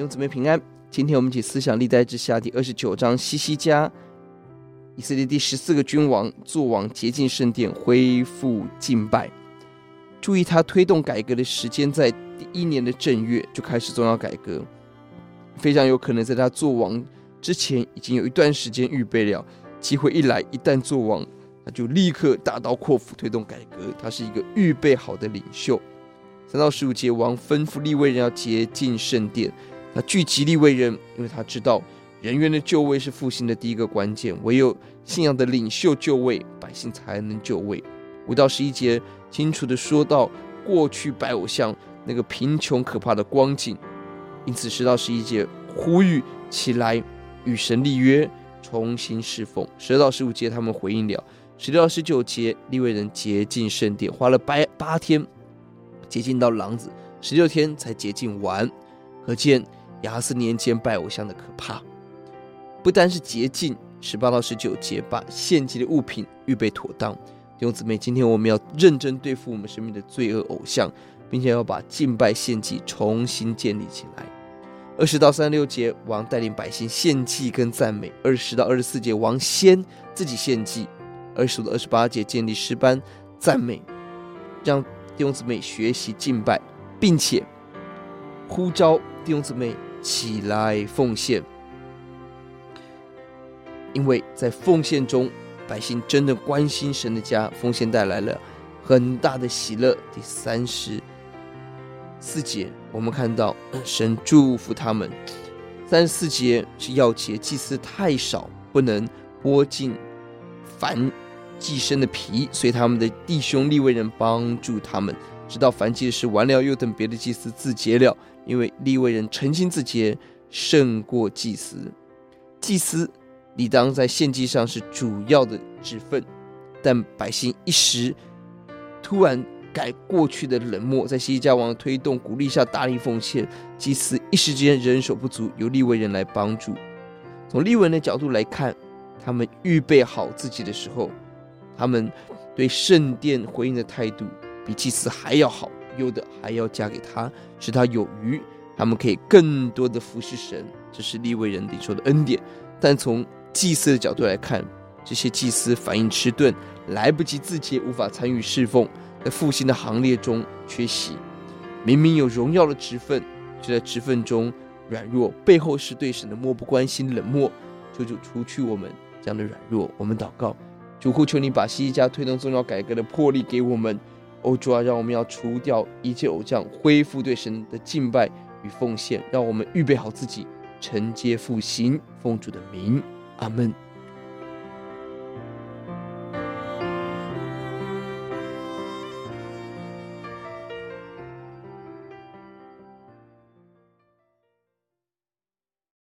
弟兄姊妹平安。今天我們一起思想歷代志下，第二十九章希西家，以色列第十四個君王做王，潔淨聖殿，恢復敬拜。注意，他推動改革的時間在第一年的正月就開始重要改革，非常有可能在他做王之前已經有一段時間預備了。機會一來，一旦做王，他就立刻大刀闊斧推動改革。他是一個預備好的領袖。三到十五節，王吩咐利未人要潔淨聖殿。他聚集利未人，因為他知道人員的就位是復興的第一個關鍵。唯有信仰的領袖就位，百姓才能就位。五到十一節清楚的說到過去拜偶像那個貧窮可怕的光景，因此十到十一節呼籲起來與神立約，重新侍奉。十二到十五節他們回應了，十六到十九節利未人潔淨聖殿，花了八天潔淨到廊子，十六天才潔淨完，可見。亞哈斯年間拜偶像的可怕，不單是潔淨，十八到十九節把獻祭的物品預備妥當，弟兄姊妹，今天我們要認真對付我們身邊的罪惡偶像，並且要把敬拜獻祭重新建立起來。二十到三十六節，王帶領百姓獻祭跟讚美；二十到二十四節，王先自己獻祭；二十五到二十八節，建立詩班讚美，讓弟兄姊妹學習敬拜，並且呼召弟兄姊妹。起來奉獻，因為在奉獻中，百姓真的關心神的家，奉獻帶來了很大的喜樂。第三十四節，我們看到神祝福他們。三十四節是鑰節，祭司太少，不能剝盡燔祭牲的皮，所以他們的弟兄利未人幫助他們，直到燔祭的事完了，又等別的祭司自潔了。因為利未人誠心自潔勝過祭司，祭司理當在獻祭上是主要的職分，但百姓一時突然改過去的冷漠，在希西家王推動鼓勵下大力奉獻，祭司一時間人手不足，由利未人來幫助。從利未人的角度來看，他們預備好自己的時候，他們對聖殿回應的態度比祭司還要好。有的還要加給他，使他有餘，他們可以更多的服侍神，這是利未人領受的恩典。但從祭司的角度來看，這些祭司反應遲鈍，來不及自潔也無法參與侍奉，在復興的行列中缺席。明明有榮耀的職分，卻在職分中軟弱，背後是對神的漠不關心、冷漠。求主除去我們這樣的軟弱，我們禱告，主，求求你把希西家推動宗教改革的魄力給我們。歐主啊，讓我們要除掉一切偶像，恢復對神的敬拜與奉獻。讓我們預備好自己，承接復興，奉主的名。阿門。